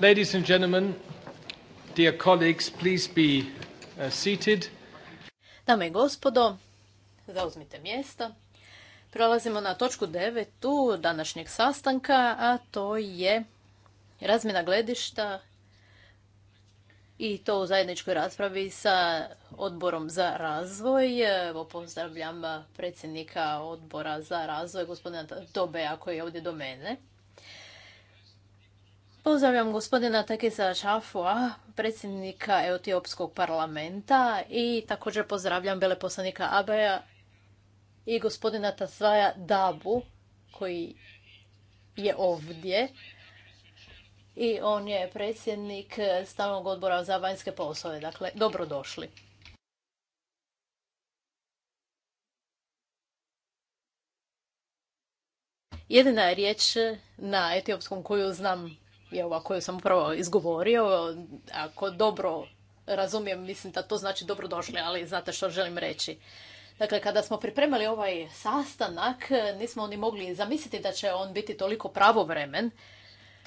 Ladies and gentlemen, dear colleagues, please be uh, seated. Dame i gospodo, zauzmite mjesta. prolazimo na točku 9. današnjeg sastanka, a to je razmjena gledišta i to u zajedničkoj raspravi sa odborom za razvoj. Evo, pozdravljam predsjednika odbora za razvoj, gospodina Tobe, ako je ovdje do mene. Pozdravljam gospodina Takisa Šafua, predsjednika Etiopskog parlamenta i također pozdravljam veleposlanika Abeja i gospodina Tasvaja Dabu koji je ovdje i on je predsjednik stalnog odbora za vanjske poslove. Dakle, dobrodošli. Jedina je riječ na etiopskom koju znam je ova koju sam upravo izgovorio. Ako dobro razumijem, mislim da to znači dobrodošli, ali znate što želim reći. Dakle, kada smo pripremali ovaj sastanak, nismo oni mogli zamisliti da će on biti toliko pravovremen.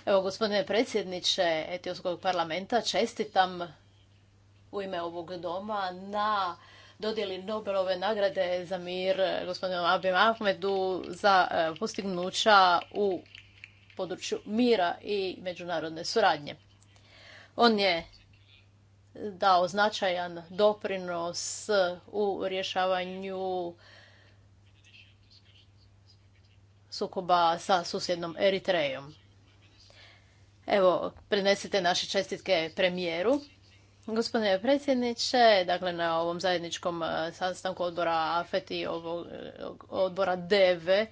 Evo, gospodine predsjedniče Etiopskog parlamenta, čestitam u ime ovog doma na dodjeli Nobelove nagrade za mir gospodinu Abim Ahmedu za e, postignuća u području mira i međunarodne suradnje. On je dao značajan doprinos u rješavanju sukoba sa susjednom Eritrejom. Evo, prenesite naše čestitke premijeru. Gospodine predsjedniče, dakle na ovom zajedničkom eh, sastanku odbora AFET i eh, odbora DEVE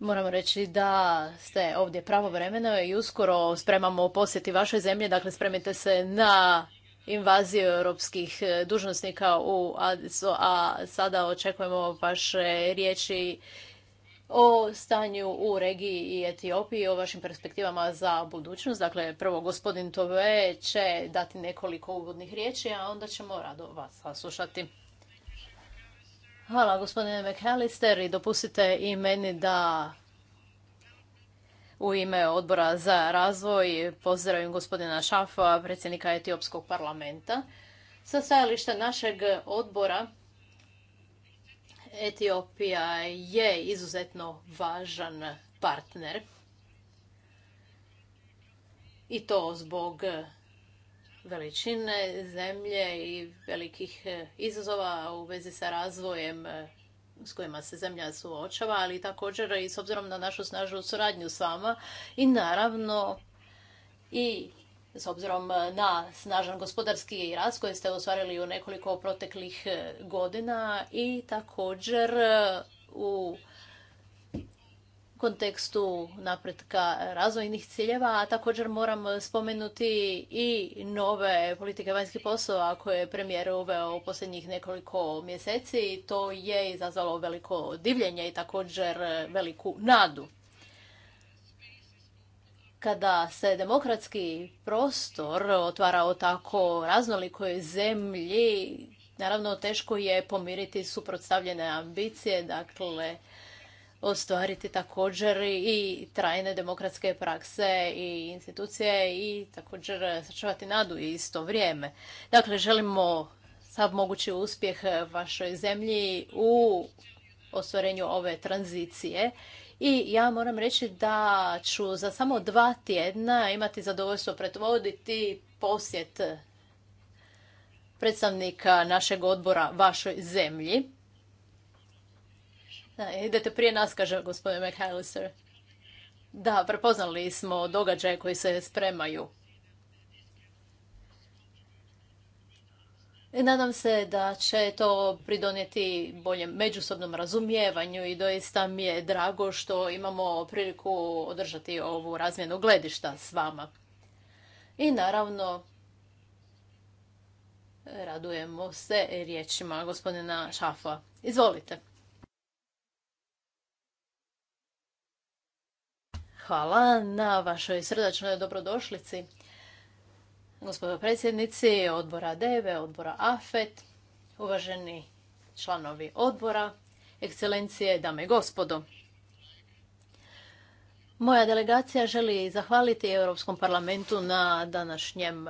Moramo reći da ste ovdje pravovremeno i uskoro spremamo posjeti vašoj zemlje. dakle spremite se na invaziju europskih e, dužnosnika u Adisu, a sada očekujemo vaše riječi o stanju u regiji i Etiopiji, o vašim perspektivama za budućnost. Dakle, prvo gospodin Tove će dati nekoliko uvodnih riječi, a onda ćemo rado vas saslušati. Hvala gospodine McAllister i dopustite i meni da u ime odbora za razvoj pozdravim gospodina Šafa, predsjednika Etiopskog parlamenta. Sa stajališta našeg odbora Etiopija je izuzetno važan partner i to zbog veličine zemlje i velikih e, izazova u vezi sa razvojem e, s kojima se zemlja suočava, ali također i s obzirom na našu snažnu suradnju s vama i naravno i s obzirom na snažan gospodarski rast koji ste ostvarili u nekoliko proteklih e, godina i također u kontekstu napretka razvojnih ciljeva, a također moram spomenuti i nove politike vanjskih poslova koje je premijer uveo u posljednjih nekoliko mjeseci. To je izazvalo veliko divljenje i također veliku nadu. Kada se demokratski prostor otvarao tako raznolikoj zemlji, naravno teško je pomiriti suprotstavljene ambicije, dakle ostvariti također i trajne demokratske prakse i institucije i također sačuvati nadu i isto vrijeme. Dakle, želimo sav mogući uspjeh vašoj zemlji u ostvarenju ove tranzicije i ja moram reći da ću za samo dva tjedna imati zadovoljstvo pretvoditi posjet predstavnika našeg odbora vašoj zemlji da, idete prije nas, kaže gospodin McAllister. Da, prepoznali smo događaje koji se spremaju. E, nadam se da će to pridonijeti boljem međusobnom razumijevanju i doista mi je drago što imamo priliku održati ovu razmjenu gledišta s vama. I naravno, radujemo se riječima gospodina Šafa. Izvolite. Hvala na vašoj srdačnoj dobrodošlici, gospodo predsjednici odbora DEVE, odbora AFET, uvaženi članovi odbora, ekscelencije, dame i gospodo. Moja delegacija želi zahvaliti Europskom parlamentu na današnjem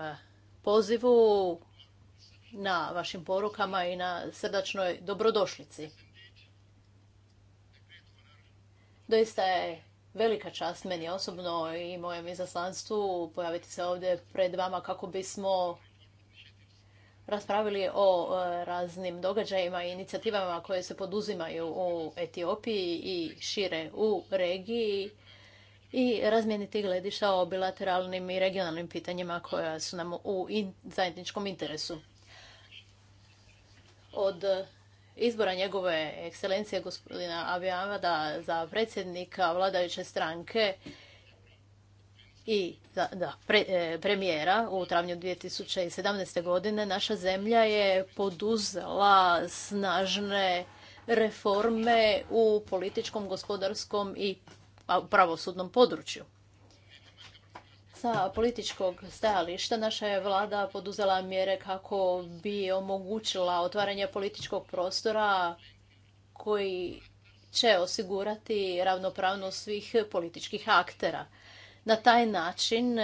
pozivu, na vašim porukama i na srdačnoj dobrodošlici. Doista je velika čast meni osobno i mojem izaslanstvu pojaviti se ovdje pred vama kako bismo raspravili o e, raznim događajima i inicijativama koje se poduzimaju u Etiopiji i šire u regiji i razmijeniti gledišta o bilateralnim i regionalnim pitanjima koja su nam u zajedničkom interesu. Od izbora njegove ekscelencije gospodina da za predsjednika vladajuće stranke i e, premijera u travnju 2017. godine naša zemlja je poduzela snažne reforme u političkom, gospodarskom i pravosudnom području. Sa političkog stajališta naša je vlada poduzela mjere kako bi omogućila otvaranje političkog prostora koji će osigurati ravnopravnost svih političkih aktera. Na taj način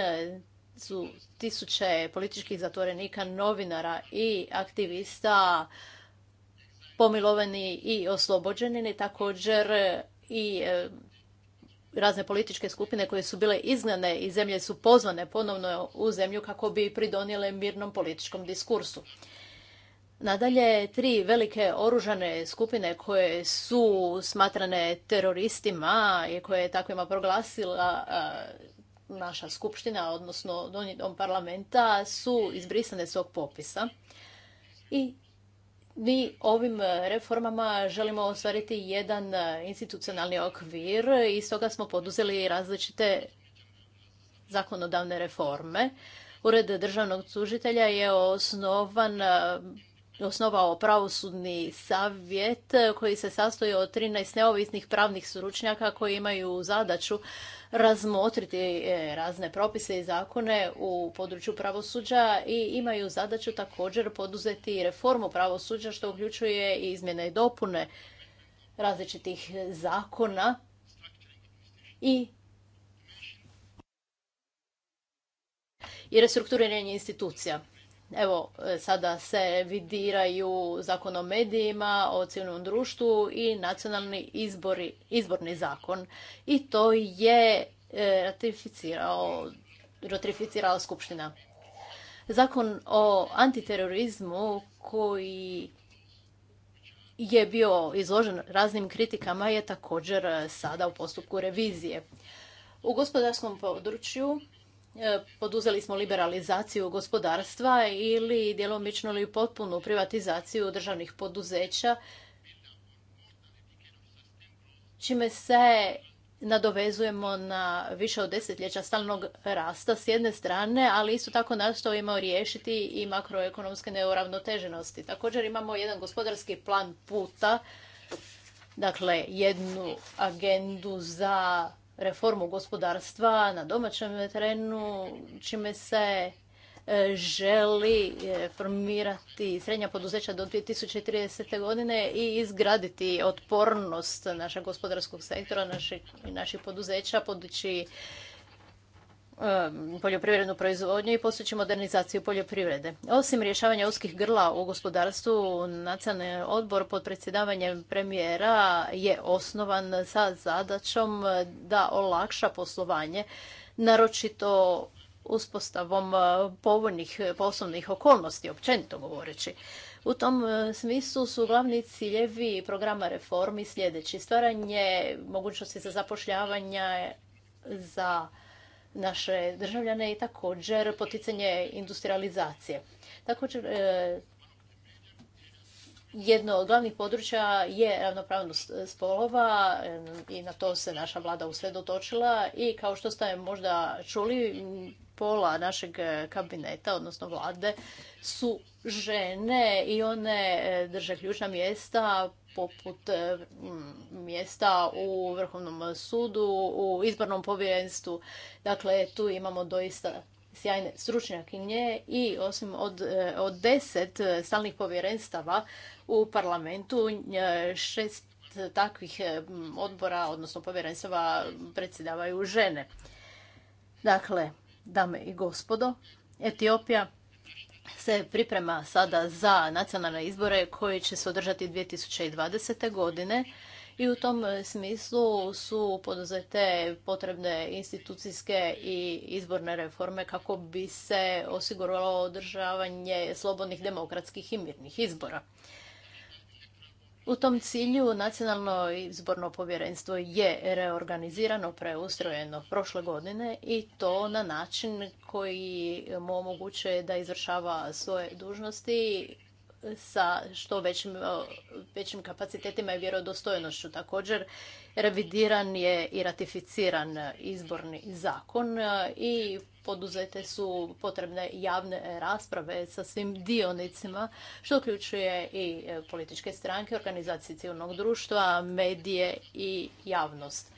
su tisuće političkih zatvorenika, novinara i aktivista pomilovani i oslobođeni, također i e, razne političke skupine koje su bile izgnane i zemlje su pozvane ponovno u zemlju kako bi pridonijele mirnom političkom diskursu. Nadalje, tri velike oružane skupine koje su smatrane teroristima i koje je takvima proglasila naša skupština, odnosno donji parlamenta, su izbrisane svog popisa. I mi ovim e, reformama želimo ostvariti jedan e, institucionalni okvir i stoga smo poduzeli različite zakonodavne reforme. Ured državnog tužitelja je osnovan e, osnovao pravosudni savjet koji se sastoji od 13 neovisnih pravnih stručnjaka koji imaju zadaću razmotriti e, razne propise i zakone u području pravosuđa i imaju zadaću također poduzeti reformu pravosuđa što uključuje i izmjene i dopune različitih zakona i i restrukturiranje institucija. Evo, e, sada se vidiraju zakon o medijima, o civilnom društvu i nacionalni izbori, izborni zakon. I to je e, ratificirao, ratificirala Skupština. Zakon o antiterorizmu koji je bio izložen raznim kritikama je također sada u postupku revizije. U gospodarskom području E, poduzeli smo liberalizaciju gospodarstva ili djelomično ili potpunu privatizaciju državnih poduzeća, čime se nadovezujemo na više od desetljeća stalnog rasta s jedne strane, ali isto tako nastojimo riješiti i makroekonomske neuravnoteženosti. Također imamo jedan gospodarski plan puta, dakle jednu agendu za reformu gospodarstva na domaćem terenu, čime se e, želi e, formirati srednja poduzeća do 2030. godine i izgraditi otpornost našeg gospodarskog sektora, i naših poduzeća, podući... Um, poljoprivrednu proizvodnju i postići modernizaciju poljoprivrede. Osim rješavanja uskih grla u gospodarstvu, nacionalni odbor pod predsjedavanjem premijera je osnovan sa zadaćom da olakša poslovanje, naročito uspostavom uh, povoljnih poslovnih okolnosti, općenito govoreći. U tom uh, smislu su glavni ciljevi programa reformi sljedeći. Stvaranje mogućnosti za zapošljavanje za naše državljane i također poticanje industrializacije. Također, e, jedno od glavnih područja je ravnopravnost spolova e, i na to se naša vlada usredotočila i kao što ste možda čuli, pola našeg kabineta, odnosno vlade, su žene i one drže ključna mjesta poput e, mjesta u Vrhovnom sudu, u izbornom povjerenstvu. Dakle, tu imamo doista sjajne stručnjakinje i osim od, e, od deset stalnih povjerenstava u parlamentu, e, šest takvih odbora, odnosno povjerenstava, predsjedavaju žene. Dakle, dame i gospodo, Etiopija se priprema sada za nacionalne izbore koji će se održati 2020. godine i u tom smislu su poduzete potrebne institucijske i izborne reforme kako bi se osiguralo održavanje slobodnih demokratskih i mirnih izbora. U tom cilju nacionalno izborno povjerenstvo je reorganizirano, preustrojeno prošle godine i to na način koji mu omogućuje da izvršava svoje dužnosti sa što većim, e, većim kapacitetima i vjerodostojnošću. Također, revidiran je i ratificiran izborni zakon e, i poduzete su potrebne javne rasprave sa svim dionicima, što uključuje i e, političke stranke, organizacije civilnog društva, medije i javnost.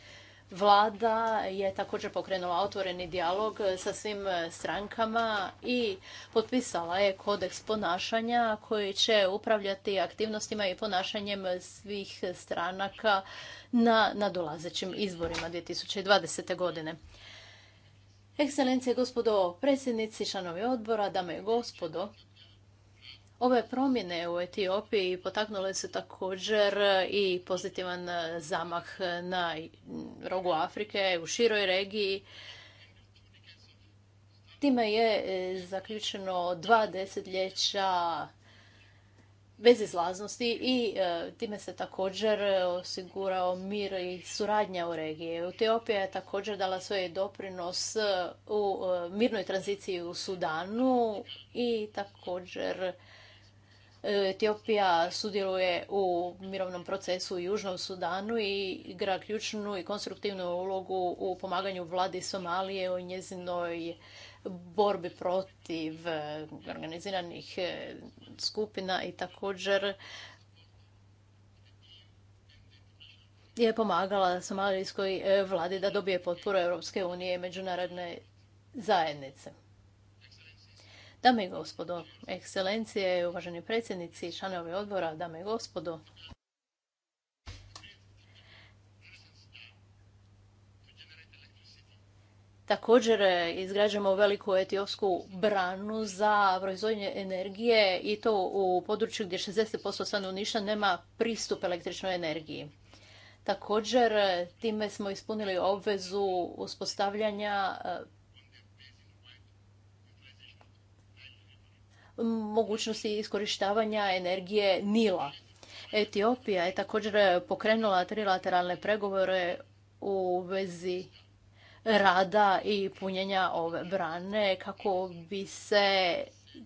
Vlada je također pokrenula otvoreni dialog sa svim e, strankama i potpisala je kodeks ponašanja koji će upravljati aktivnostima i ponašanjem svih stranaka na nadolazećim izborima 2020. godine. Ekscelencije, gospodo predsjednici, članovi odbora, dame i gospodo, Ove promjene u Etiopiji potaknule su također i pozitivan e, zamah na rogu Afrike, u široj regiji. Time je e, zaključeno dva desetljeća izlaznosti i e, time se također osigurao mir i suradnja u regiji. Etiopija je također dala svoj doprinos u mirnoj tranziciji u Sudanu i također Etiopija sudjeluje u mirovnom procesu u Južnom Sudanu i igra ključnu i konstruktivnu ulogu u pomaganju vladi Somalije u njezinoj borbi protiv e, organiziranih e, skupina i također je pomagala somalijskoj e, vladi da dobije potporu Europske unije i međunarodne zajednice. Dame i gospodo, ekscelencije, uvaženi predsjednici, članovi odbora, dame i gospodo. Također e, izgrađujemo veliku etiopsku branu za proizvodnje energije i to u području gdje 60% stanovništva nema pristup električnoj energiji. Također e, time smo ispunili obvezu uspostavljanja e, mogućnosti iskorištavanja energije Nila. Etiopija je također pokrenula trilateralne pregovore u vezi rada i punjenja ove brane kako bi se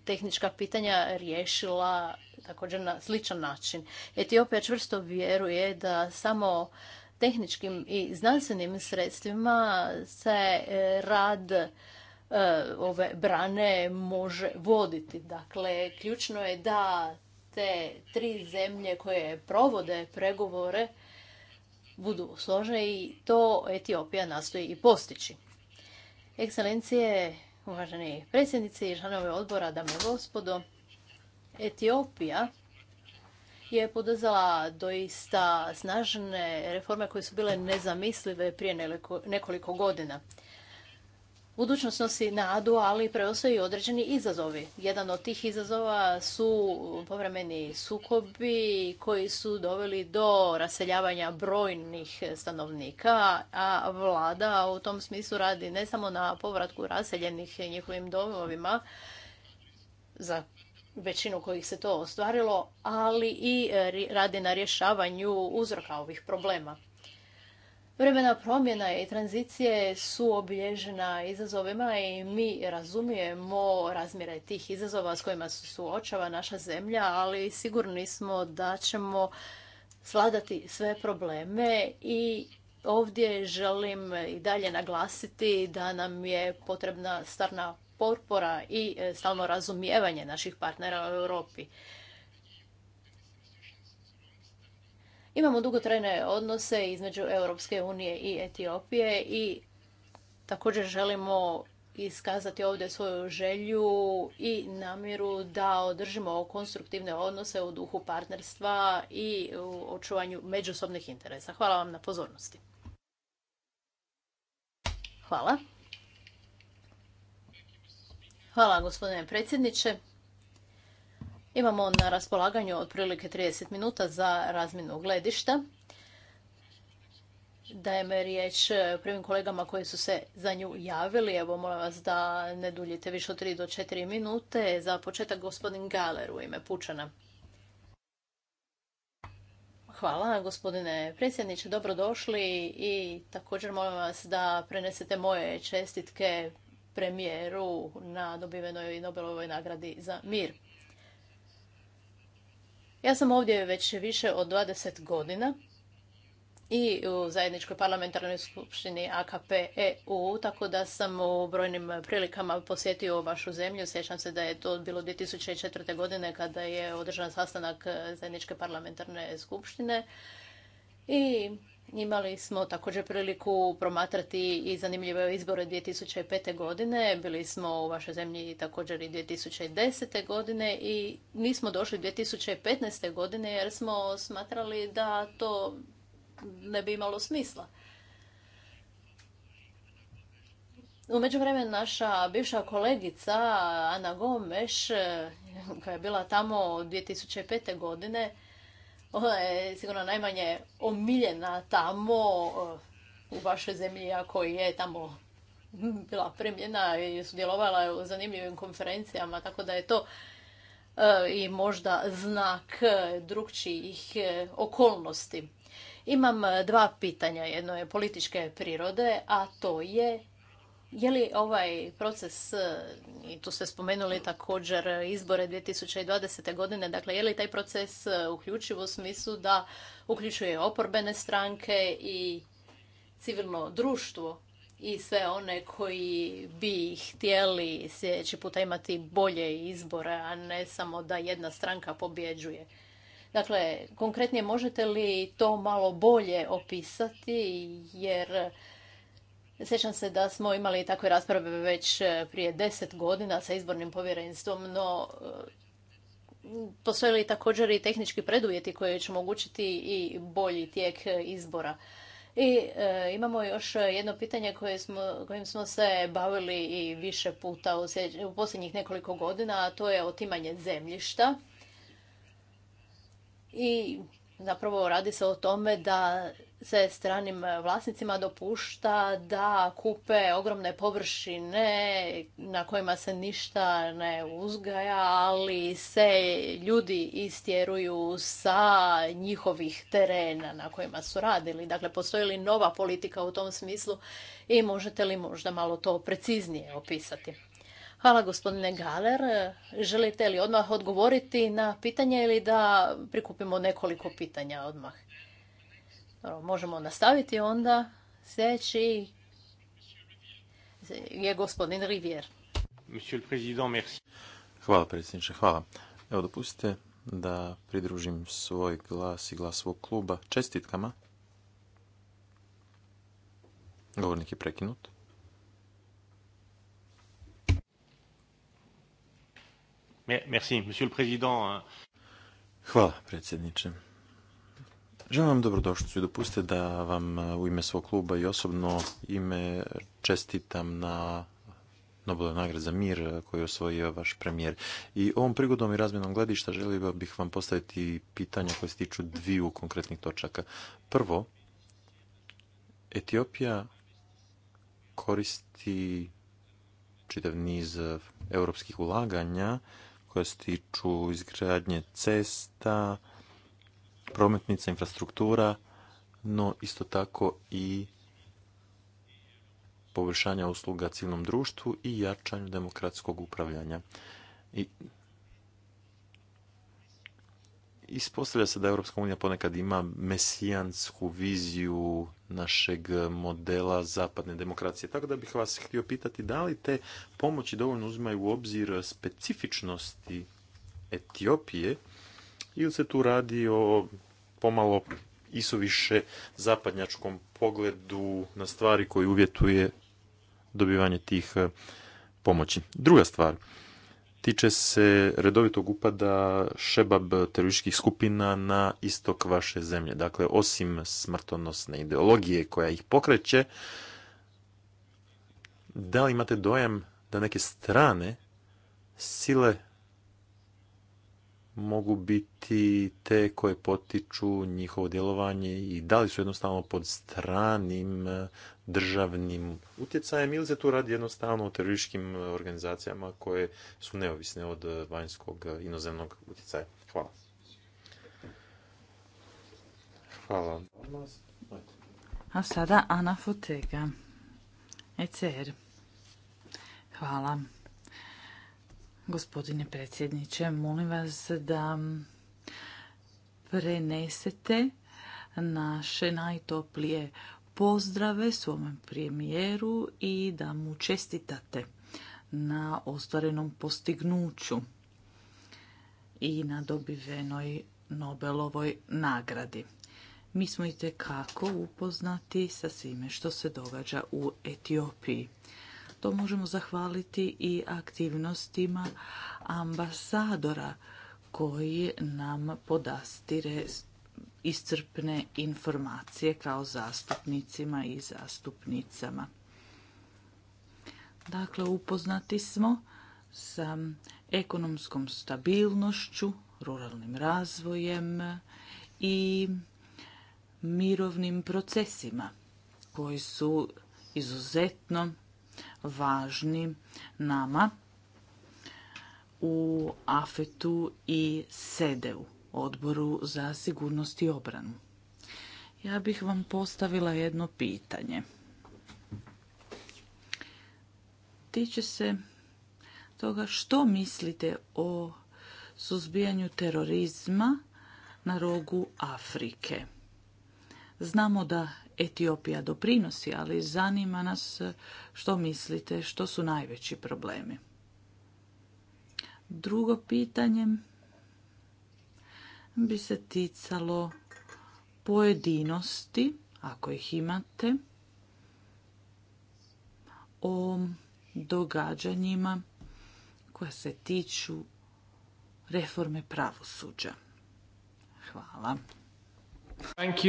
tehnička pitanja riješila također na sličan način. Etiopija čvrsto vjeruje da samo tehničkim i znanstvenim sredstvima se rad E, ove brane može voditi. Dakle, ključno je da te tri zemlje koje provode pregovore budu složne i to Etiopija nastoji i postići. Ekscelencije, uvaženi predsjednici i članovi odbora, dame i gospodo, Etiopija je poduzela doista snažne reforme koje su bile nezamislive prije nekoliko godina. Budućnost nosi nadu, ali preostaju i određeni izazovi. Jedan od tih izazova su povremeni sukobi koji su doveli do raseljavanja brojnih stanovnika, a vlada u tom smislu radi ne samo na povratku raseljenih njihovim domovima, za većinu kojih se to ostvarilo, ali i radi na rješavanju uzroka ovih problema. Vremena promjena i tranzicije su obilježena izazovima i mi razumijemo razmjere tih izazova s kojima se suočava naša zemlja, ali sigurni smo da ćemo svladati sve probleme i ovdje želim i dalje naglasiti da nam je potrebna starna potpora i e, stalno razumijevanje naših partnera u Europi. Imamo dugotrajne odnose između Europske unije i Etiopije i također želimo iskazati ovdje svoju želju i namjeru da održimo konstruktivne odnose u duhu partnerstva i u očuvanju međusobnih interesa. Hvala vam na pozornosti. Hvala. Hvala gospodine predsjedniče. Imamo na raspolaganju otprilike 30 minuta za razmjenu gledišta. Dajem riječ prvim kolegama koji su se za nju javili. Evo, molim vas da ne duljite više od 3 do 4 minute. Za početak gospodin Galer u ime Pučana. Hvala gospodine predsjedniče, dobrodošli i također molim vas da prenesete moje čestitke premijeru na dobivenoj Nobelovoj nagradi za mir. Ja sam ovdje već više od 20 godina i u zajedničkoj parlamentarnoj skupštini AKP EU, tako da sam u brojnim prilikama posjetio vašu zemlju. Sjećam se da je to bilo 2004. godine kada je održan sastanak zajedničke parlamentarne skupštine i Imali smo također priliku promatrati i zanimljive izbore 2005. godine. Bili smo u vašoj zemlji također i 2010. godine i nismo došli 2015. godine jer smo smatrali da to ne bi imalo smisla. U međuvremenu naša bivša kolegica Ana Gomeš, koja je bila tamo 2005. godine, ona je sigurno najmanje omiljena tamo eh, u vašoj zemlji, ako je tamo hm, bila primljena i sudjelovala u zanimljivim konferencijama, tako da je to eh, i možda znak eh, drugčijih okolnosti. Imam dva pitanja. Jedno je političke prirode, a to je je li ovaj proces, i tu ste spomenuli također izbore 2020. godine, dakle je li taj proces e, uključiv u smislu da uključuje oporbene stranke i civilno društvo i sve one koji bi htjeli sljedeći puta imati bolje izbore, a ne samo da jedna stranka pobjeđuje? Dakle, konkretnije možete li to malo bolje opisati, jer Sjećam se da smo imali takve rasprave već e, prije deset godina sa izbornim povjerenstvom, no e, postoje li također i tehnički preduvjeti koji će omogućiti i bolji tijek e, izbora. I imamo još jedno pitanje koje smo, kojim smo se bavili i više puta u, u posljednjih nekoliko godina, a to je otimanje zemljišta. I zapravo radi se o tome da se stranim vlasnicima dopušta da kupe ogromne površine na kojima se ništa ne uzgaja, ali se ljudi istjeruju sa njihovih terena na kojima su radili. Dakle, postoji li nova politika u tom smislu i možete li možda malo to preciznije opisati? Hvala gospodine Galer. Želite li odmah odgovoriti na pitanje ili da prikupimo nekoliko pitanja odmah? Ono, možemo nastaviti onda. Sljedeći je gospodin Rivier. Hvala predsjedniče, hvala. Evo dopustite da pridružim svoj glas i glas svog kluba čestitkama. Govornik je prekinut. Hvala predsjedniče. Želim vam dobrodošlicu i dopustite da vam e, u ime svog kluba i osobno ime čestitam na Nobelove nagrad za mir e, koju je osvojio vaš premijer. I ovom prigodom i razmjenom gledišta želio bih vam postaviti pitanja koje se tiču dviju konkretnih točaka. Prvo, Etiopija koristi čitav niz europskih ulaganja koja se tiču izgradnje cesta, prometnica, infrastruktura, no isto tako i poboljšanja usluga civilnom društvu i jačanju demokratskog upravljanja. ispostavlja se da Europska unija ponekad ima mesijansku viziju našeg modela zapadne demokracije. Tako da bih vas htio pitati da li te pomoći dovoljno uzimaju u obzir specifičnosti Etiopije ili se tu radi o pomalo isoviše zapadnjačkom pogledu na stvari koji uvjetuje dobivanje tih e, pomoći. Druga stvar, tiče se redovitog upada šebab terorističkih skupina na istok vaše zemlje. Dakle, osim smrtonosne ideologije koja ih pokreće, da li imate dojam da neke strane sile mogu biti te koje potiču njihovo djelovanje i da li su jednostavno pod stranim e, državnim utjecajem ili se tu radi jednostavno o terorističkim organizacijama koje su neovisne od e, vanjskog e, inozemnog utjecaja. Hvala. Hvala. A sada Ana Fotega, ECR. Hvala. Gospodine predsjedniče, molim vas da prenesete naše najtoplije pozdrave svom premijeru i da mu čestitate na ostvarenom postignuću i na dobivenoj Nobelovoj nagradi. Mi smo i kako upoznati sa svime što se događa u Etiopiji. To možemo zahvaliti i aktivnostima ambasadora koji nam podastire iscrpne informacije kao zastupnicima i zastupnicama. Dakle, upoznati smo sa ekonomskom stabilnošću, ruralnim razvojem i mirovnim procesima koji su izuzetno važni nama u Afetu i Sedeu, odboru za sigurnost i obranu. Ja bih vam postavila jedno pitanje. Tiče se toga što mislite o suzbijanju terorizma na rogu Afrike. Znamo da Etiopija doprinosi, ali zanima nas e, što mislite, što su najveći problemi. Drugo pitanje bi se ticalo pojedinosti, ako ih imate, o događanjima koja se tiču reforme pravosuđa. Hvala. Thank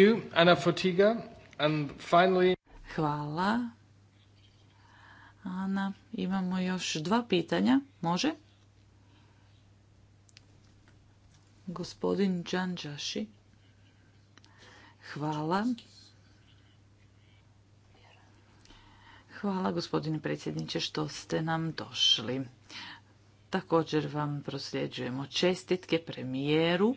And Hvala. Ana, imamo još dva pitanja. Može? Gospodin Džanđaši. Hvala. Hvala gospodine predsjedniče što ste nam došli. Također vam prosljeđujemo čestitke premijeru.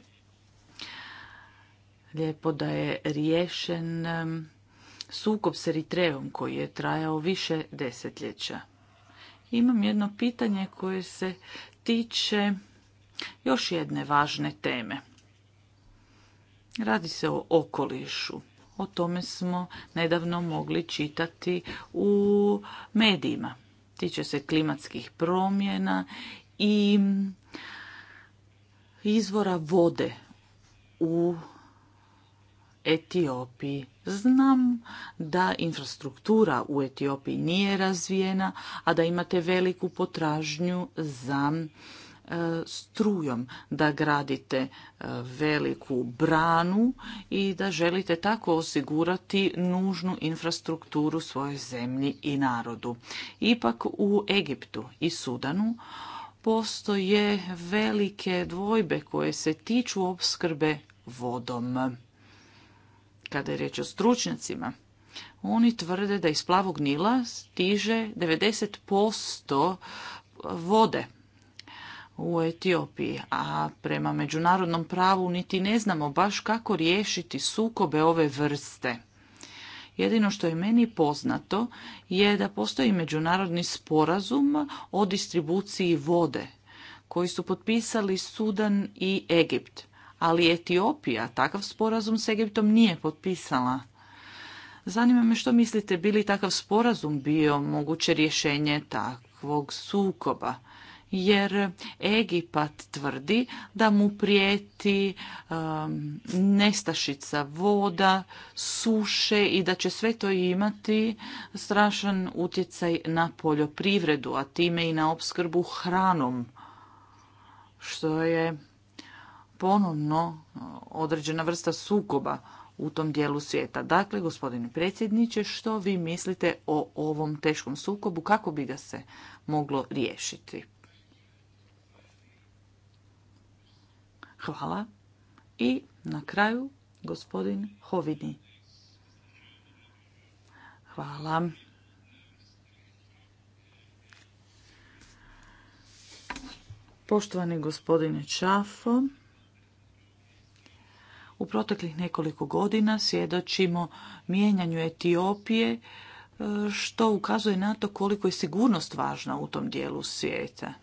Lijepo da je riješen sukob s Eritreom koji je trajao više desetljeća. Imam jedno pitanje koje se tiče još jedne važne teme. Radi se o okolišu. O tome smo nedavno mogli čitati u medijima. Tiče se klimatskih promjena i izvora vode u Etiopiji. Znam da infrastruktura u Etiopiji nije razvijena, a da imate veliku potražnju za e, strujom, da gradite e, veliku branu i da želite tako osigurati nužnu infrastrukturu svojoj zemlji i narodu. Ipak u Egiptu i Sudanu postoje velike dvojbe koje se tiču opskrbe vodom kada je riječ o stručnjacima, oni tvrde da iz plavog nila stiže 90% vode u Etiopiji, a prema međunarodnom pravu niti ne znamo baš kako riješiti sukobe ove vrste. Jedino što je meni poznato je da postoji međunarodni sporazum o distribuciji vode koji su potpisali Sudan i Egipt ali Etiopija takav sporazum s Egiptom nije potpisala. Zanima me što mislite, bi li takav sporazum bio moguće rješenje takvog sukoba? jer Egipat tvrdi da mu prijeti um, nestašica voda, suše i da će sve to imati strašan utjecaj na poljoprivredu, a time i na opskrbu hranom, što je ponovno e, određena vrsta sukoba u tom dijelu svijeta. Dakle, gospodine predsjedniče, što vi mislite o ovom teškom sukobu, kako bi ga se moglo riješiti? Hvala. I na kraju gospodin Hovini. Hvala. Poštovani gospodine Čafo, u proteklih nekoliko godina svjedočimo mijenjanju Etiopije e, što ukazuje na to koliko je sigurnost važna u tom dijelu svijeta.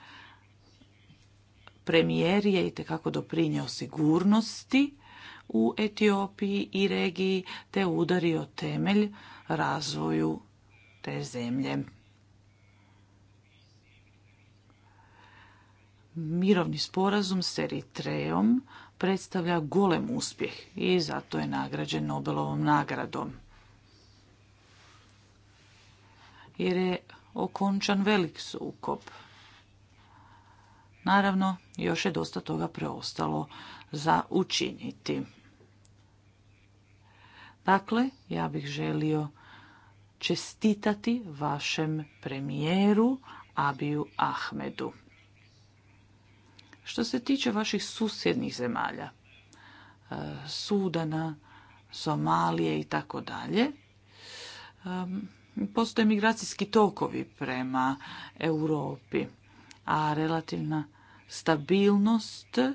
Premijer je itekako doprinio sigurnosti u Etiopiji i regiji te udario temelj razvoju te zemlje. Mirovni sporazum s Eritrejom predstavlja golem uspjeh i zato je nagrađen Nobelovom nagradom. Jer je okončan velik sukob. Naravno, još je dosta toga preostalo za učiniti. Dakle, ja bih želio čestitati vašem premijeru Abiju Ahmedu. Što se tiče vaših susjednih zemalja, e, Sudana, Somalije i tako dalje, e, postoje migracijski tokovi prema Europi, a relativna stabilnost e,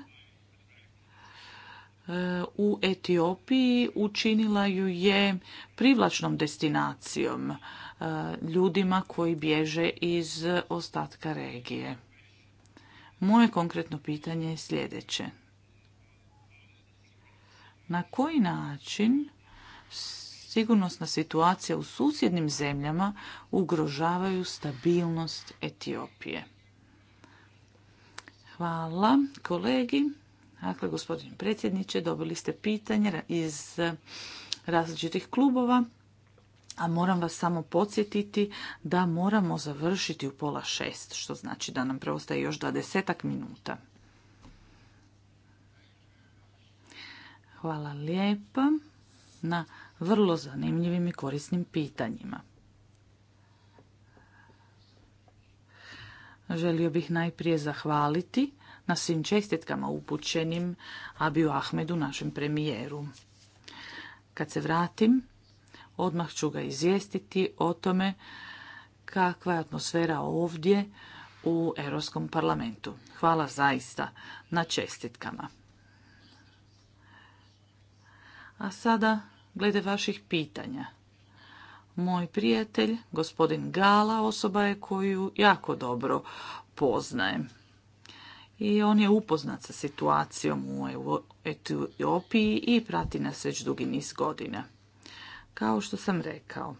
u Etiopiji učinila ju je privlačnom destinacijom ljudima koji bježe iz ostatka regije. Moje konkretno pitanje je sljedeće. Na koji način sigurnosna situacija u susjednim zemljama ugrožavaju stabilnost Etiopije? Hvala kolegi. Dakle, gospodin predsjedniče, dobili ste pitanje iz različitih klubova. A moram vas samo podsjetiti da moramo završiti u pola šest, što znači da nam preostaje još dvadesetak minuta. Hvala lijepa na vrlo zanimljivim i korisnim pitanjima. Želio bih najprije zahvaliti na svim čestitkama upućenim Abiju Ahmedu, našem premijeru. Kad se vratim Odmah ću ga izvijestiti o tome kakva je atmosfera ovdje u Europskom parlamentu. Hvala zaista na čestitkama. A sada glede vaših pitanja. Moj prijatelj, gospodin Gala, osoba je koju jako dobro poznajem. I on je upoznat sa situacijom u Etiopiji i prati nas već dugi niz godina. Kao što sam rekao,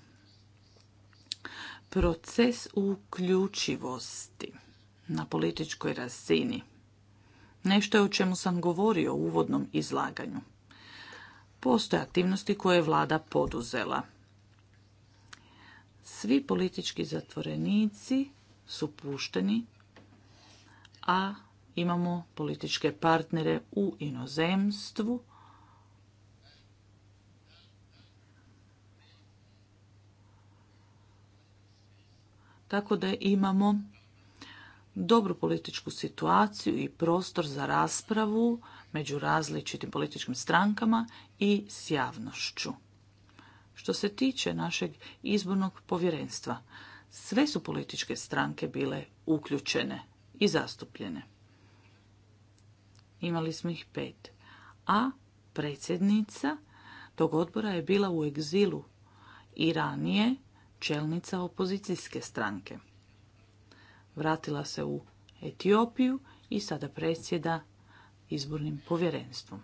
proces uključivosti na političkoj razini. Nešto je o čemu sam govorio u uvodnom izlaganju. Postoje aktivnosti koje je vlada poduzela. Svi politički zatvorenici su pušteni, a imamo političke partnere u inozemstvu tako da imamo dobru političku situaciju i prostor za raspravu među različitim političkim strankama i s javnošću. Što se tiče našeg izbornog povjerenstva, sve su političke stranke bile uključene i zastupljene. Imali smo ih pet. A predsjednica tog odbora je bila u egzilu i ranije čelnica opozicijske stranke. Vratila se u Etiopiju i sada predsjeda izbornim povjerenstvom.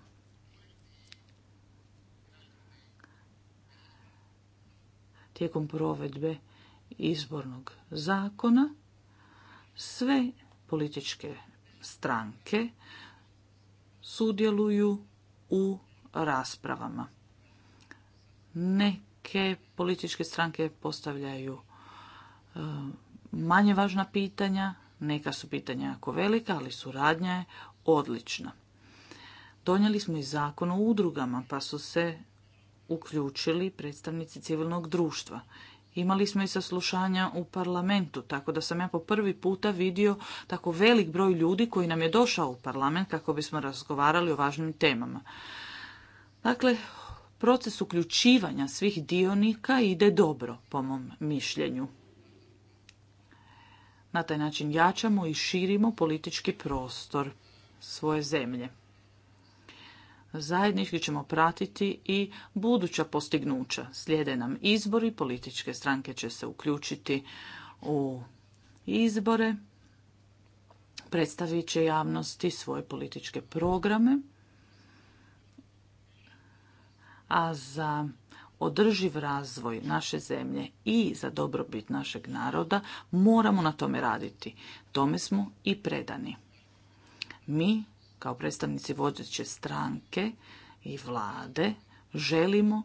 Tijekom provedbe izbornog zakona sve političke stranke sudjeluju u raspravama. ne političke stranke postavljaju e, manje važna pitanja, neka su pitanja jako velika, ali suradnja je odlična. Donijeli smo i zakon o udrugama, pa su se uključili predstavnici civilnog društva. Imali smo i saslušanja u parlamentu, tako da sam ja po prvi puta vidio tako velik broj ljudi koji nam je došao u parlament kako bismo razgovarali o važnim temama. Dakle, proces uključivanja svih dionika ide dobro, po mom mišljenju. Na taj način jačamo i širimo politički prostor svoje zemlje. Zajednički ćemo pratiti i buduća postignuća. Slijede nam izbori, političke stranke će se uključiti u izbore, predstavit će javnosti svoje političke programe a za održiv razvoj naše zemlje i za dobrobit našeg naroda moramo na tome raditi. Tome smo i predani. Mi, kao predstavnici vodeće stranke i vlade, želimo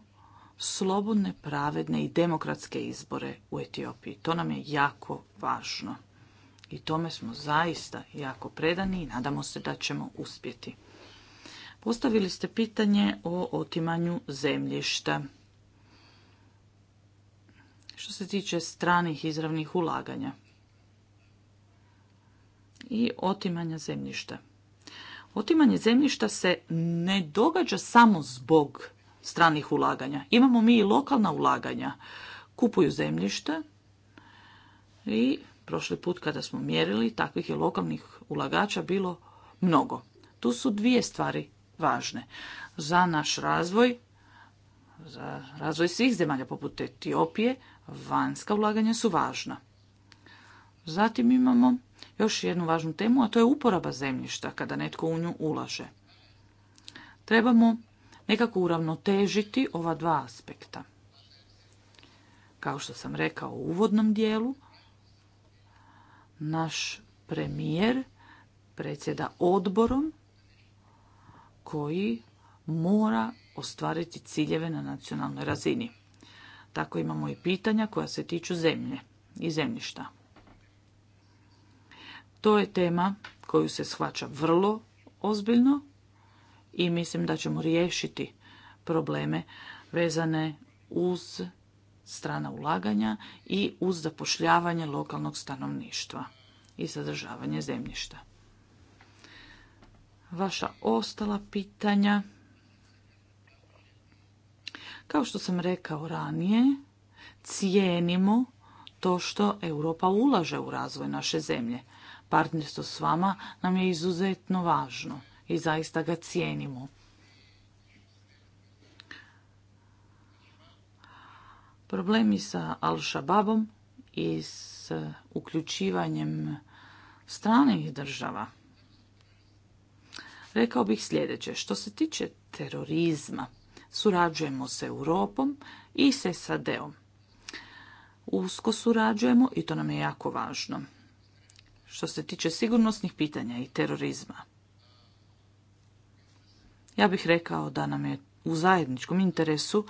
slobodne, pravedne i demokratske izbore u Etiopiji. To nam je jako važno. I tome smo zaista jako predani i nadamo se da ćemo uspjeti. Postavili ste pitanje o otimanju zemljišta. Što se tiče stranih izravnih ulaganja i otimanja zemljišta. Otimanje zemljišta se ne događa samo zbog stranih ulaganja. Imamo mi i lokalna ulaganja. Kupuju zemljišta i prošli put kada smo mjerili, takvih je lokalnih ulagača bilo mnogo. Tu su dvije stvari važne za naš razvoj, za razvoj svih zemalja poput Etiopije, vanjska ulaganja su važna. Zatim imamo još jednu važnu temu, a to je uporaba zemljišta kada netko u nju ulaže. Trebamo nekako uravnotežiti ova dva aspekta. Kao što sam rekao u uvodnom dijelu, naš premijer predsjeda odborom koji mora ostvariti ciljeve na nacionalnoj razini. Tako imamo i pitanja koja se tiču zemlje i zemljišta. To je tema koju se shvaća vrlo ozbiljno i mislim da ćemo riješiti probleme vezane uz strana ulaganja i uz zapošljavanje lokalnog stanovništva i sadržavanje zemljišta vaša ostala pitanja. Kao što sam rekao ranije, cijenimo to što Europa ulaže u razvoj naše zemlje. Partnerstvo s vama nam je izuzetno važno i zaista ga cijenimo. Problemi sa Al-Shababom i s uključivanjem stranih država – Rekao bih sljedeće, što se tiče terorizma, surađujemo s Europom i s SAD-om. Usko surađujemo i to nam je jako važno. Što se tiče sigurnosnih pitanja i terorizma, ja bih rekao da nam je u zajedničkom interesu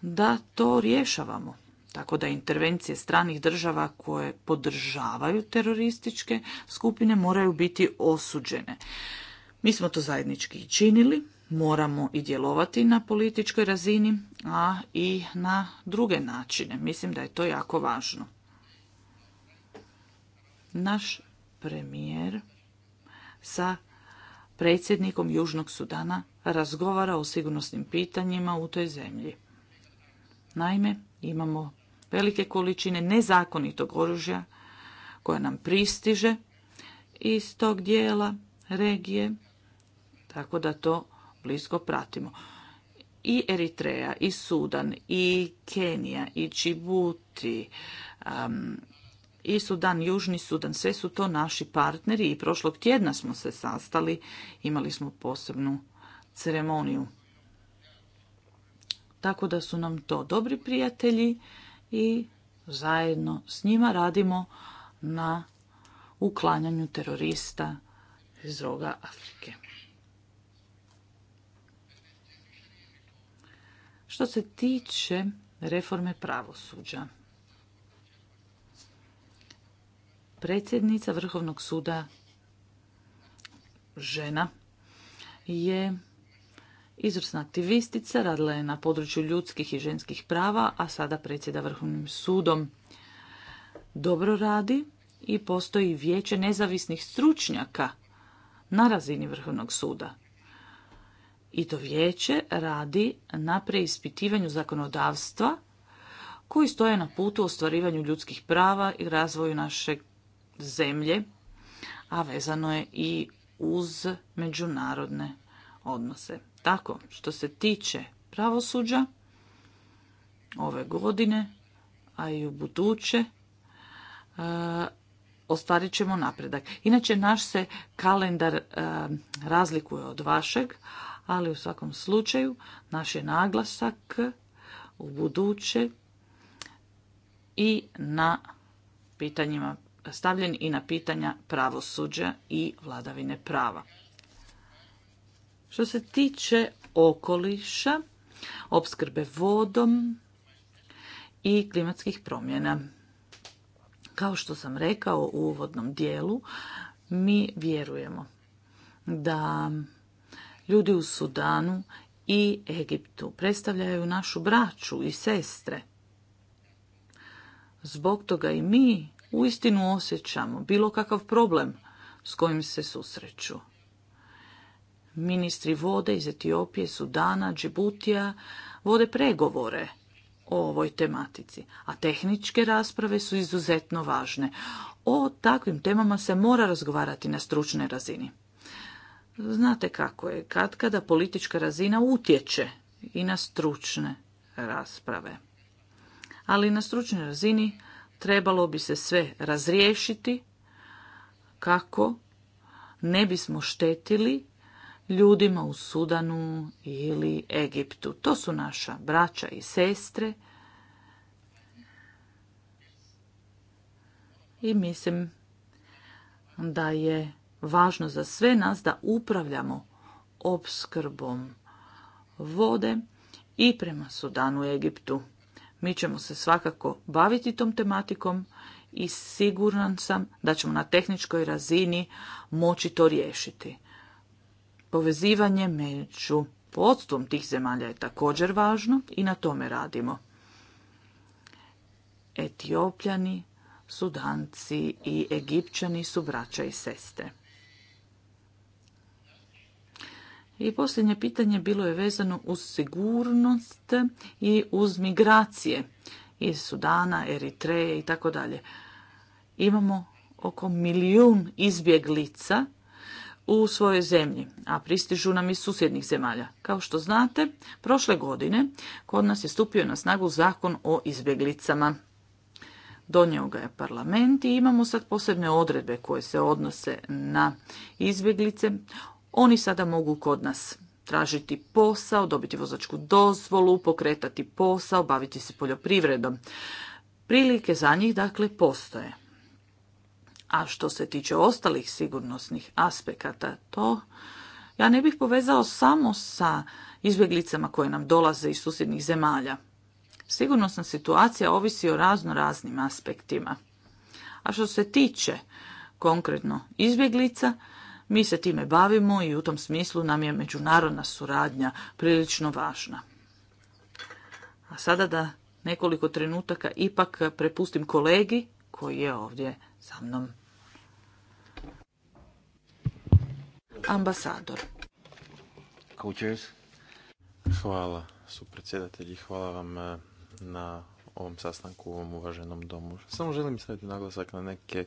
da to rješavamo. Tako da intervencije stranih država koje podržavaju terorističke skupine moraju biti osuđene. Mi smo to zajednički i činili, moramo i djelovati na političkoj razini, a i na druge načine. Mislim da je to jako važno. Naš premijer sa predsjednikom Južnog Sudana razgovara o sigurnosnim pitanjima u toj zemlji. Naime, imamo velike količine nezakonitog oružja koja nam pristiže iz tog dijela regije tako da to blisko pratimo. I Eritreja, i Sudan, i Kenija, i Čibuti, i Sudan, Južni Sudan, sve su to naši partneri i prošlog tjedna smo se sastali, imali smo posebnu ceremoniju. Tako da su nam to dobri prijatelji i zajedno s njima radimo na uklanjanju terorista iz roga Afrike. Što se tiče reforme pravosuđa, predsjednica Vrhovnog suda žena je izvrsna aktivistica, radila je na području ljudskih i ženskih prava, a sada predsjeda Vrhovnim sudom. Dobro radi i postoji vijeće nezavisnih stručnjaka na razini Vrhovnog suda i to vijeće radi na preispitivanju zakonodavstva koji stoje na putu ostvarivanju ljudskih prava i razvoju naše zemlje, a vezano je i uz međunarodne odnose. Tako, što se tiče pravosuđa ove godine, a i u buduće, e, ostvarit ćemo napredak. Inače, naš se kalendar e, razlikuje od vašeg, ali u svakom slučaju naš je naglasak u buduće i na pitanjima stavljen i na pitanja pravosuđa i vladavine prava. Što se tiče okoliša, opskrbe vodom i klimatskih promjena. Kao što sam rekao u uvodnom dijelu, mi vjerujemo da Ljudi u Sudanu i Egiptu predstavljaju našu braću i sestre. Zbog toga i mi uistinu osjećamo bilo kakav problem s kojim se susreću. Ministri vode iz Etiopije, Sudana, Džibutija vode pregovore o ovoj tematici, a tehničke rasprave su izuzetno važne. O takvim temama se mora razgovarati na stručnoj razini. Znate kako je, kad kada politička razina utječe i na stručne rasprave. Ali na stručnoj razini trebalo bi se sve razriješiti kako ne bismo štetili ljudima u Sudanu ili Egiptu. To su naša braća i sestre. I mislim da je važno za sve nas da upravljamo opskrbom vode i prema Sudanu i Egiptu. Mi ćemo se svakako baviti tom tematikom i siguran sam da ćemo na tehničkoj razini moći to riješiti. Povezivanje među podstvom tih zemalja je također važno i na tome radimo. Etiopljani, Sudanci i Egipćani su braća i sestre. I posljednje pitanje bilo je vezano uz sigurnost i uz migracije iz Sudana, Eritreje i tako dalje. Imamo oko milijun izbjeglica u svojoj zemlji, a pristižu nam iz susjednih zemalja. Kao što znate, prošle godine kod nas je stupio na snagu zakon o izbjeglicama. Donio ga je parlament i imamo sad posebne odredbe koje se odnose na izbjeglice. Oni sada mogu kod nas tražiti posao, dobiti vozačku dozvolu, pokretati posao, baviti se poljoprivredom. Prilike za njih dakle postoje. A što se tiče ostalih sigurnosnih aspekata, to ja ne bih povezao samo sa izbjeglicama koje nam dolaze iz susjednih zemalja. Sigurnosna situacija ovisi o razno raznim aspektima. A što se tiče konkretno izbjeglica, mi se time bavimo i u tom smislu nam je međunarodna suradnja prilično važna. A sada da nekoliko trenutaka ipak prepustim kolegi koji je ovdje sa mnom. Ambasador. Hvala su predsjedatelji, hvala vam eh, na ovom sastanku u ovom uvaženom domu. Samo želim staviti naglasak na neke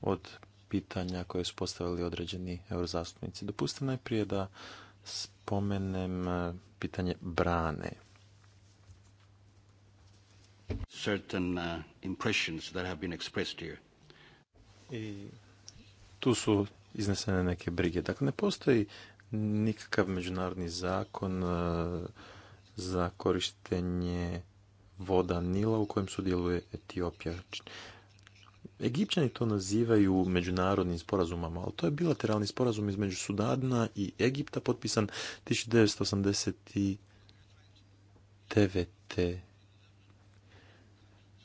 od pitanja koje su postavili određeni eurozastupnici. Dopustite najprije da spomenem e, pitanje brane. Certain e, impressions that have I tu su iznesene neke brige. Dakle, ne postoji nikakav međunarodni zakon e, za korištenje voda Nila u kojem sudjeluje Etiopija. Egipćani to nazivaju međunarodnim sporazumama, ali to je bilateralni sporazum između Sudana i Egipta potpisan 1989.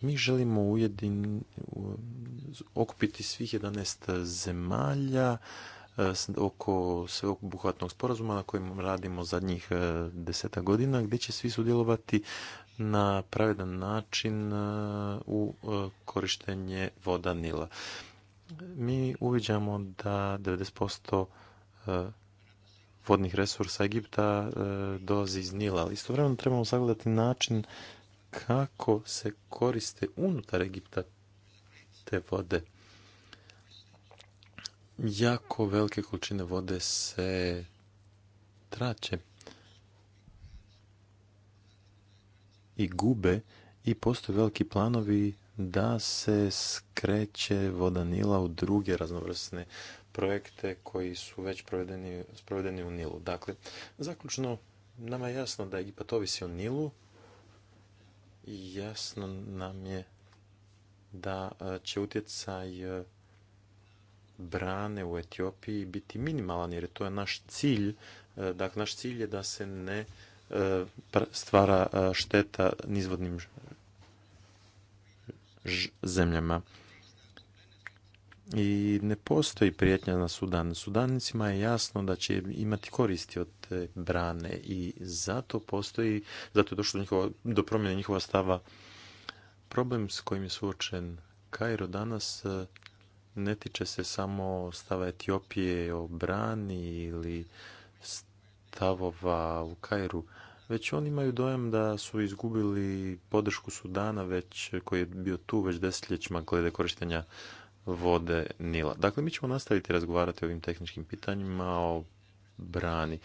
Mi želimo ujedin, okupiti svih 11 zemalja e, oko sveobuhvatnog sporazuma na kojem radimo zadnjih e, deseta godina, gdje će svi sudjelovati na pravedan način e, u e, korištenje voda Nila. Mi uviđamo da 90% e, vodnih resursa Egipta dolazi iz Nila, ali istovremeno trebamo sagledati način kako se koriste unutar Egipta te vode. Jako velike količine vode se traće i gube i postoje veliki planovi da se skreće voda Nila u druge raznovrsne projekte koji su već provedeni, u Nilu. Dakle, zaključno, nama je jasno da Egipat ovisi o Nilu i jasno nam je da e, će utjecaj e, brane u Etiopiji biti minimalan jer to je naš cilj. E, dakle, naš cilj je da se ne E, stvara e, šteta nizvodnim zemljama. I ne postoji prijetnja na Sudan. Sudanicima je jasno da će imati koristi od te brane i zato postoji, zato je došlo do, njihova, do promjene njihova stava. Problem s kojim je suočen Kairo danas e, ne tiče se samo stava Etiopije o brani ili stavova u Kairu, već oni imaju dojam da su izgubili podršku Sudana već, koji je bio tu već desetljećima glede korištenja vode Nila. Dakle, mi ćemo nastaviti razgovarati o ovim tehničkim pitanjima, o brani.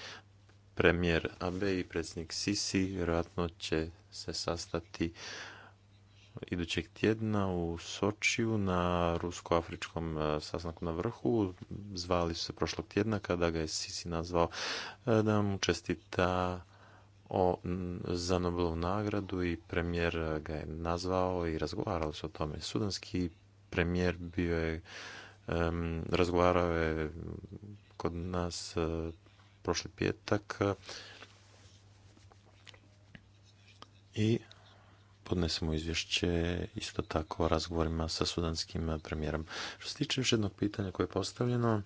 Premijer Abe i predsjednik Sisi vjerojatno će se sastati idućeg tjedna u Sočiju na rusko-afričkom e, sastanku na vrhu. Zvali su se prošlog tjedna kada ga je Sisi nazvao e, da mu čestita za Nobelovu nagradu i premijer ga je nazvao i razgovarali su o tome. Sudanski premijer bio je, razgovarao je kod nas e, prošli pjetak i podnesemo izvješće isto tako o razgovorima sa sudanskim premijerom. Što se tiče još jednog pitanja koje je postavljeno,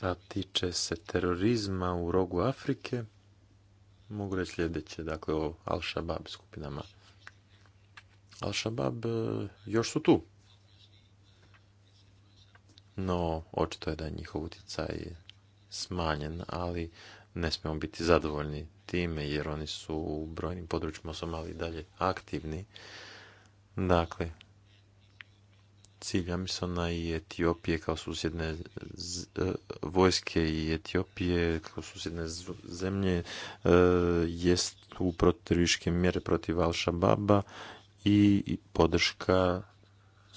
a tiče se terorizma u rogu Afrike, mogu reći sljedeće, dakle o Al-Shabaab skupinama. Al-Shabaab e, još su tu. No, očito je da je njihov utjecaj smanjen, ali ne smijemo biti zadovoljni time jer oni su u brojnim područjima i dalje aktivni. Dakle, cilj Amisona i Etiopije kao susjedne e, vojske i Etiopije kao susjedne zemlje e, jest u protivriške mjere protiv Al-Shababa i podrška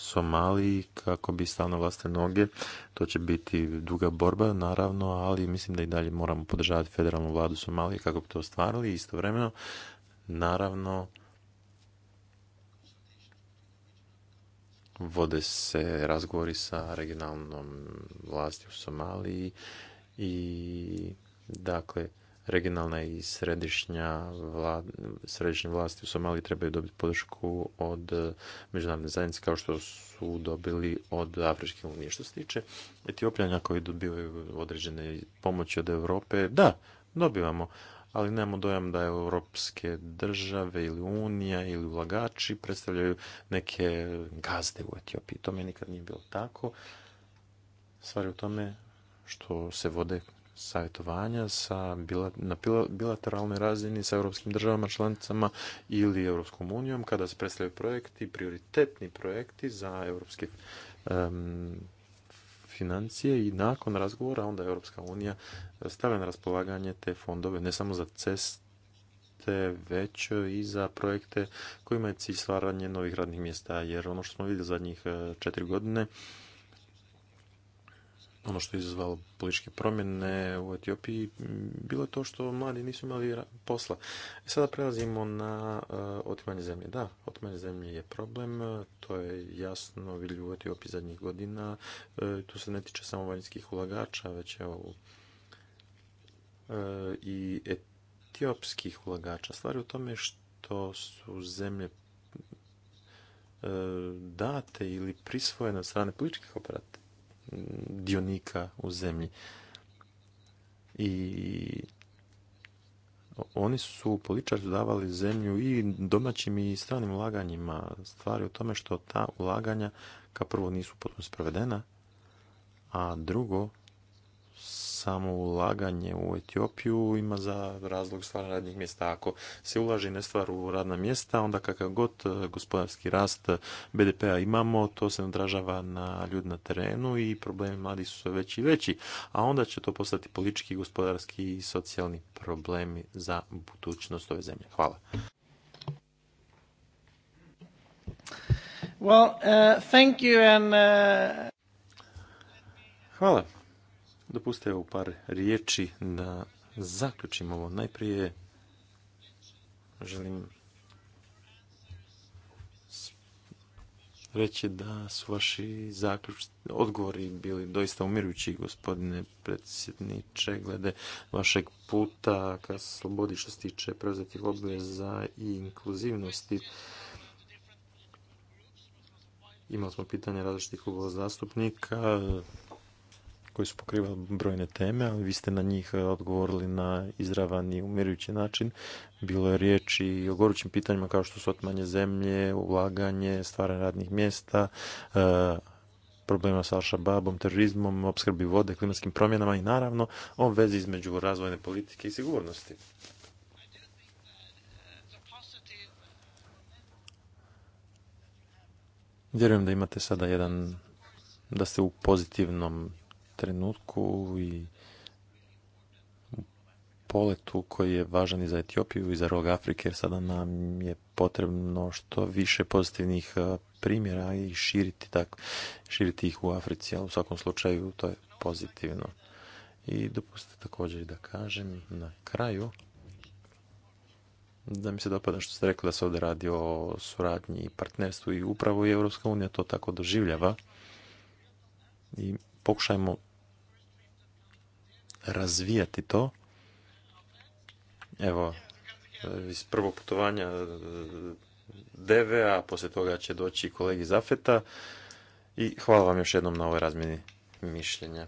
Somaliji kako bi stalno vlastne noge. To će biti duga borba, naravno, ali mislim da i dalje moramo podržavati federalnu vladu Somalije kako bi to ostvarili. Istovremeno, naravno, vode se razgovori sa regionalnom vlasti u Somaliji i dakle regionalna i središnja vlad, središnje vlasti u Somaliji trebaju dobiti podršku od e, međunarodne zajednice kao što su dobili od Afričke unije. Što se tiče Etiopljanja koji dobivaju određene pomoći od Europe, da, dobivamo, ali nemamo dojam da europske države ili Unija ili ulagači predstavljaju neke gazde u Etiopiji. To mi nikad nije bilo tako. Stvar je u tome što se vode savjetovanja sa, na bilateralnoj razini sa europskim državama članicama ili Europskom unijom kada se predstavljaju projekti, prioritetni projekti za europske financije i nakon razgovora onda Europska unija stavlja na raspolaganje te fondove ne samo za ceste već i za projekte kojima je cilj stvaranje novih radnih mjesta jer ono što smo vidjeli zadnjih e, četiri godine ono što je izazvalo političke promjene u Etiopiji bilo je to što mladi nisu imali posla. E, sada prelazimo na eh, otimanje zemlje. Da, otimanje zemlje je problem, to je jasno vidljivo u Etiopiji zadnjih godina. Eh, tu se ne tiče samo vanjskih ulagača, već evo eh, i etiopskih ulagača. Stvar je u tome što su zemlje date ili prisvojene od strane političkih operata dionika u zemlji. I oni su političari davali zemlju i domaćim i stranim ulaganjima. Stvari u tome što ta ulaganja, kao prvo, nisu potpuno sprovedena, a drugo, samo ulaganje u Etiopiju ima za razlog stvaranja radnih mjesta. Ako se ulaži na ne stvar u radna mjesta, onda kakav god e, gospodarski rast e, BDP-a imamo, to se odražava na ljudi na terenu i problemi mladi su sve veći i veći, a onda će to postati politički, gospodarski i socijalni problemi za budućnost ove zemlje. Hvala. Well, uh, thank you and, uh, Hvala. Dopustite u par riječi da zaključim ovo. Najprije želim reći da su vaši odgovori bili doista umirujući, gospodine predsjedniče, glede vašeg puta ka slobodi što se tiče preuzetih obveza i inkluzivnosti. Imali smo pitanje različitih klubova zastupnika, koji su pokrivali brojne teme, ali vi ste na njih e, odgovorili na izravan i umirujući način. Bilo je riječi i o gorućim pitanjima kao što su otmanje zemlje, ulaganje, stvaranje radnih mjesta, e, problema sa Al-Shabaabom, terorizmom, opskrbi vode, klimatskim promjenama i naravno o vezi između razvojne politike i sigurnosti. Vjerujem da imate sada jedan, da ste u pozitivnom trenutku i poletu koji je važan i za Etiopiju i za rog Afrike, jer sada nam je potrebno što više pozitivnih primjera i širiti, tako, širiti ih u Africi, ali u svakom slučaju to je pozitivno. I dopustite također da kažem na kraju da mi se dopada što ste rekli da se ovdje radi o suradnji i partnerstvu i upravo i EU, unija to tako doživljava. I pokušajmo razvijati to. Evo, iz prvog putovanja e, a poslije toga će doći kolegi Zafeta. i hvala vam još jednom na ovoj razmjeni mišljenja.